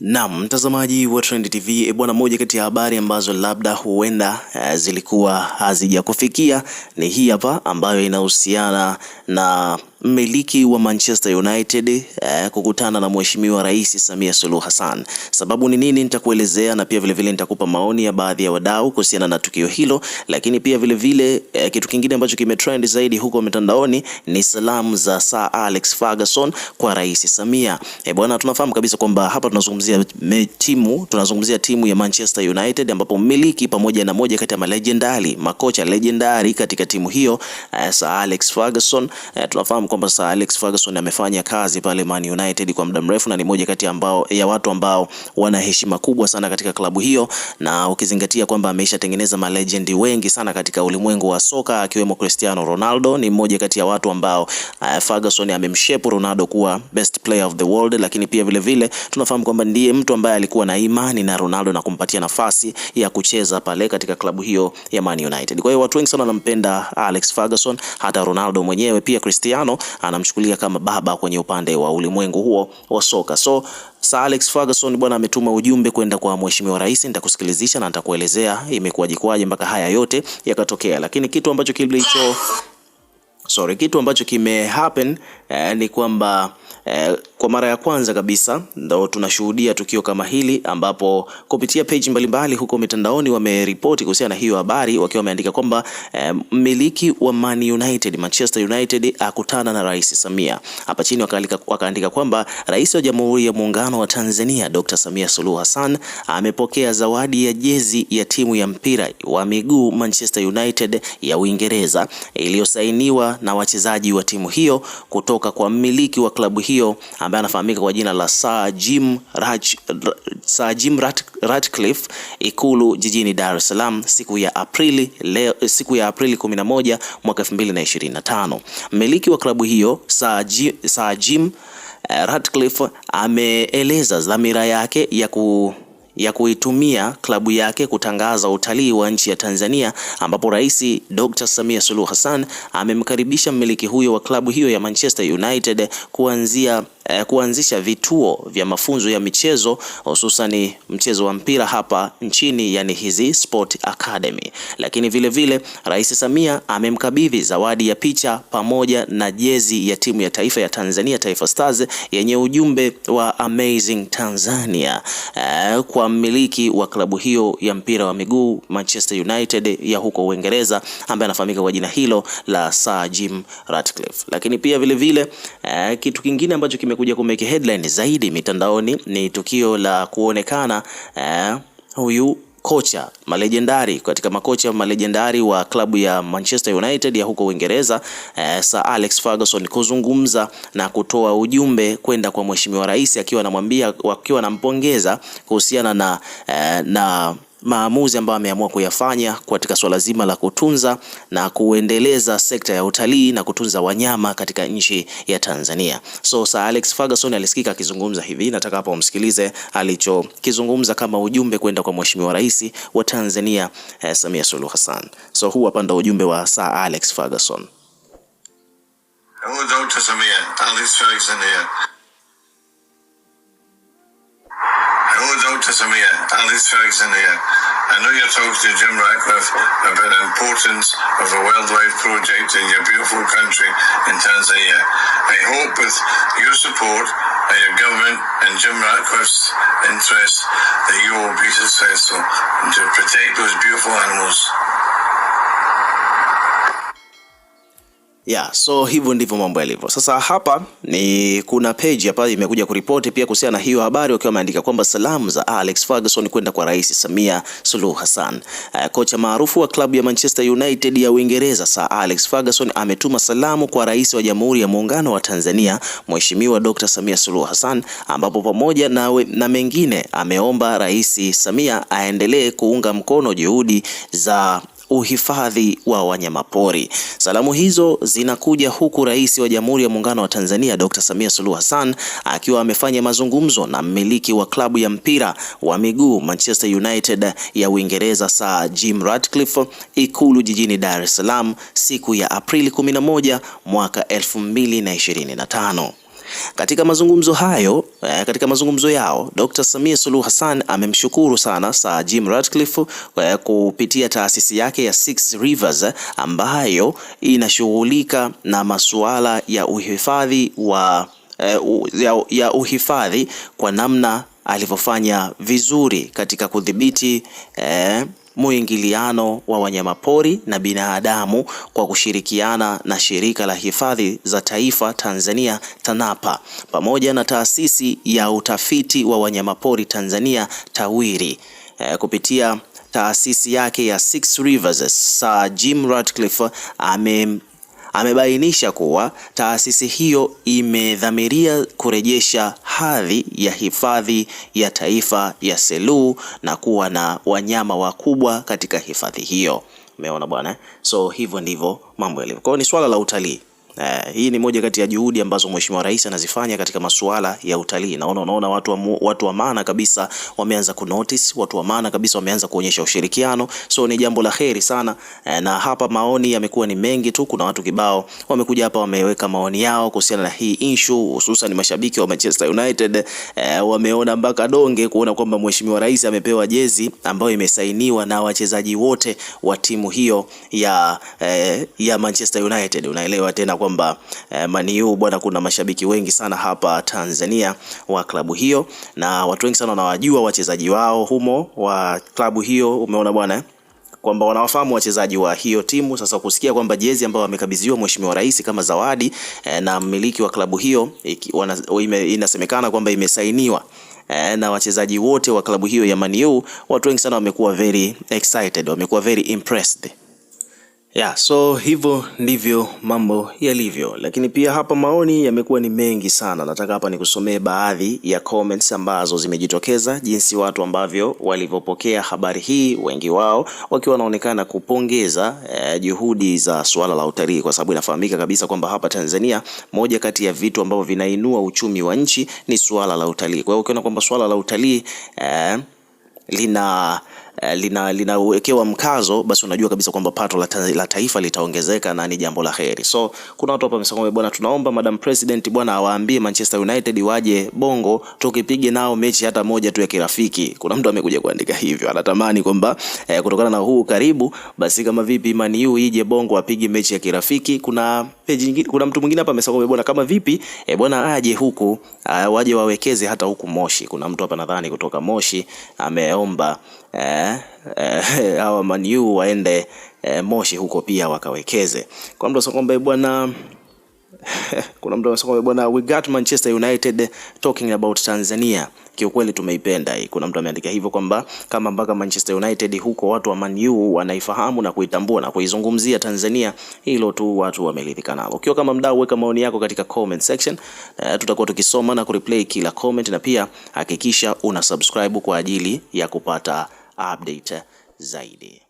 Na mtazamaji wa Trend TV, e eh, bwana, moja kati ya habari ambazo labda huenda eh, zilikuwa hazijakufikia ni hii hapa ambayo inahusiana na mmiliki wa Manchester United eh, kukutana na Mheshimiwa Rais Samia Suluhu Hassan. Sababu ni nini nitakuelezea, na pia vilevile nitakupa maoni ya baadhi ya wadau kuhusiana na tukio hilo, lakini pia vilevile vile, eh, kitu kingine ambacho kimetrend zaidi huko mitandaoni ni salamu za Sir Alex Ferguson kwa Rais Samia. Eh, bwana, tunafahamu kabisa kwamba hapa tunazungumzia timu tunazungumzia timu ya Manchester United ambapo mmiliki pamoja na moja kati ya legendary makocha legendary katika timu hiyo eh, Sir Alex Ferguson eh, tunafahamu kwamba sasa Alex Ferguson amefanya kazi pale Man United kwa muda mrefu na ni moja kati ambao, ya watu ambao wana heshima kubwa sana katika klabu hiyo, na ukizingatia kwamba ameshatengeneza malegendi wengi sana katika ulimwengu wa soka akiwemo Cristiano Ronaldo. Ni mmoja kati ya watu ambao uh, Ferguson amemshepu Ronaldo kuwa best player of the world, lakini pia vile vile tunafahamu kwamba ndiye mtu ambaye alikuwa na imani na Ronaldo na kumpatia nafasi ya kucheza pale katika klabu hiyo ya Man United. Kwa hiyo watu wengi sana wanampenda Alex Ferguson, hata Ronaldo mwenyewe pia Cristiano anamchukulia kama baba kwenye upande wa ulimwengu huo wa soka. So Sir Alex Ferguson bwana ametuma ujumbe kwenda kwa Mheshimiwa Rais, nitakusikilizisha na nitakuelezea imekuwajikwaje mpaka haya yote yakatokea, lakini kitu ambacho kilicho sorry, kitu ambacho kime happen eh, ni kwamba Eh, kwa mara ya kwanza kabisa ndo tunashuhudia tukio kama hili ambapo kupitia page mbalimbali huko mitandaoni wameripoti kuhusiana na hiyo habari wakiwa wameandika kwamba eh, mmiliki eh, wa Man United, Manchester United akutana na Rais Samia. Hapa chini wakaandika kwamba Rais wa Jamhuri ya Muungano wa Tanzania Dr. Samia Suluhu Hassan amepokea zawadi ya jezi ya timu ya mpira wa miguu Manchester United ya Uingereza iliyosainiwa na wachezaji wa timu hiyo kutoka kwa mmiliki wa klabu hiyo hiyo ambaye anafahamika kwa jina la Sir Jim, Raj, Sir Jim Rat, Ratcliffe Ikulu jijini Dar es Salaam siku ya Aprili leo, eh, siku ya Aprili 11 mwaka 2025. Mmiliki wa klabu hiyo Sir Jim, Sir Jim eh, Ratcliffe ameeleza dhamira yake ya ku ya kuitumia klabu yake kutangaza utalii wa nchi ya Tanzania, ambapo Rais Dr. Samia Suluhu Hassan amemkaribisha mmiliki huyo wa klabu hiyo ya Manchester United kuanzia eh, kuanzisha vituo vya mafunzo ya michezo hususani mchezo wa mpira hapa nchini, yani hizi Sport Academy. Lakini vile vile Rais Samia amemkabidhi zawadi ya picha pamoja na jezi ya timu ya taifa ya Tanzania Taifa Stars yenye ujumbe wa Amazing Tanzania eh, kwa mmiliki wa klabu hiyo ya mpira wa miguu Manchester United ya huko Uingereza ambaye anafahamika kwa jina hilo la Sir Jim Ratcliffe. Lakini pia vile vile eh, kitu kingine ambacho kime kimekuja kumeke headline zaidi mitandaoni ni tukio la kuonekana eh, huyu kocha malejendari katika makocha malejendari wa klabu ya Manchester United ya huko Uingereza eh, Sir Alex Ferguson kuzungumza na kutoa ujumbe kwenda kwa mheshimiwa rais, akiwa anamwambia, akiwa anampongeza kuhusiana na, eh, na maamuzi ambayo ameamua kuyafanya katika swala zima la kutunza na kuendeleza sekta ya utalii na kutunza wanyama katika nchi ya Tanzania. So Sir Alex Ferguson alisikika akizungumza hivi, nataka hapa umsikilize alichokizungumza kama ujumbe kwenda kwa Mheshimiwa Rais wa Tanzania eh, Samia Suluhu Hassan. So huu hapa ndo ujumbe wa Sir Alex Ferguson. Hello, Dr. Samia. Alex Ferguson here. goes out to Samir, Alice Ferguson here. I know you're talking to Jim Ratcliffe about the importance of a wildlife project in your beautiful country in Tanzania. I hope with your support and your government and Jim Ratcliffe's interest that you will be successful to protect those beautiful animals. Yeah, so hivyo ndivyo mambo yalivyo. Sasa hapa ni kuna page hapa imekuja kuripoti pia kuhusiana na hiyo habari wakiwa wameandika kwamba salamu za Alex Ferguson kwenda kwa Rais Samia Suluhu Hassan. Uh, kocha maarufu wa klabu ya Manchester United ya Uingereza Sir Alex Ferguson ametuma salamu kwa Rais wa Jamhuri ya Muungano wa Tanzania Mheshimiwa Dr. Samia Suluhu Hassan ambapo pamoja na, we, na mengine ameomba Rais Samia aendelee kuunga mkono juhudi za uhifadhi wa wanyamapori. Salamu hizo zinakuja huku Rais wa Jamhuri ya Muungano wa Tanzania Dr. Samia Suluhu Hassan akiwa amefanya mazungumzo na mmiliki wa klabu ya mpira wa miguu Manchester United ya Uingereza Sir Jim Ratcliffe Ikulu jijini Dar es Salaam siku ya Aprili 11 mwaka 2025. Katika mazungumzo hayo eh, katika mazungumzo yao Dr. Samia Suluhu Hassan amemshukuru sana Sir Jim Ratcliffe eh, kupitia taasisi yake ya Six Rivers eh, ambayo inashughulika na masuala ya uhifadhi wa eh, ya, ya uhifadhi kwa namna alivyofanya vizuri katika kudhibiti eh, muingiliano wa wanyamapori na binadamu kwa kushirikiana na Shirika la Hifadhi za Taifa Tanzania TANAPA pamoja na Taasisi ya Utafiti wa Wanyamapori Tanzania TAWIRI e, kupitia taasisi yake ya Six Rivers Sir Jim Ratcliffe ame amebainisha kuwa taasisi hiyo imedhamiria kurejesha hadhi ya hifadhi ya taifa ya Selous na kuwa na wanyama wakubwa katika hifadhi hiyo. Umeona bwana, so hivyo ndivyo mambo yalivyo. Kwa hiyo ni swala la utalii. Uh, hii ni moja kati ya juhudi ambazo Mheshimiwa Rais anazifanya katika masuala ya utalii. Naona unaona watu wa, watu wa maana kabisa wameanza ku notice, watu wa maana kabisa wameanza kuonyesha ushirikiano, so ni jambo la heri sana Uh, na hapa maoni yamekuwa ni mengi tu. Kuna watu kibao wamekuja hapa wameweka maoni yao kuhusiana na hii issue, hususan ni mashabiki wa Manchester United uh, wameona mpaka donge kuona kwamba Mheshimiwa Rais amepewa jezi ambayo imesainiwa na wachezaji wote wa timu hiyo ya, uh, ya Manchester United. Unaelewa tena kwa kwamba eh, Man U bwana, kuna mashabiki wengi sana hapa Tanzania wa klabu hiyo na watu wengi sana wanawajua wachezaji wao humo wa klabu hiyo, umeona bwana eh? kwamba wanawafahamu wachezaji wa hiyo timu. Sasa kusikia kwamba jezi ambayo wamekabidhiwa Mheshimiwa Rais kama zawadi eh, na mmiliki wa klabu hiyo iki, wana, ime, inasemekana kwamba imesainiwa eh, na wachezaji wote wa klabu hiyo ya Man U, watu wengi sana wamekuwa very excited, wamekuwa very impressed. Yeah, so hivyo ndivyo mambo yalivyo, lakini pia hapa maoni yamekuwa ni mengi sana. Nataka hapa nikusomee baadhi ya comments ambazo zimejitokeza, jinsi watu ambavyo walivyopokea habari hii, wengi wao wakiwa wanaonekana kupongeza eh, juhudi za suala la utalii, kwa sababu inafahamika kabisa kwamba hapa Tanzania moja kati ya vitu ambavyo vinainua uchumi wa nchi ni suala la utalii. Kwa hiyo ukiona kwamba suala la utalii eh, lina Eh, lina linawekewa mkazo, basi unajua kabisa kwamba pato la, ta, la taifa litaongezeka na ni jambo la heri. So kuna watu hapa wamesema bwana, tunaomba Madam President bwana awaambie Manchester United waje Bongo tukipige nao mechi hata moja tu ya kirafiki. Kuna mtu amekuja kuandika hivyo, anatamani kwamba eh, kutokana na huu karibu, basi kama vipi Man U ije Bongo apige mechi ya kirafiki. Kuna page nyingine, kuna mtu mwingine hapa amesema bwana, kama vipi eh, bwana aje huku uh, waje wawekeze hata huku Moshi. Kuna mtu hapa nadhani kutoka Moshi ameomba eh, Eh, eh, hawa Manu waende eh, Moshi huko pia wakawekeze. Kwa mtu sasa kwamba bwana kuna mtu anasema bwana, we got Manchester United talking about Tanzania. Kiukweli tumeipenda hii. Kuna mtu ameandika hivyo kwamba kama mpaka Manchester United huko watu wa Man U wanaifahamu na kuitambua na kuizungumzia Tanzania, hilo tu watu wameridhika nalo. Ukiwa kama mdau, weka maoni yako katika comment section. Uh, tutakuwa tukisoma na kureplay kila comment, na pia hakikisha una subscribe kwa ajili ya kupata update zaidi.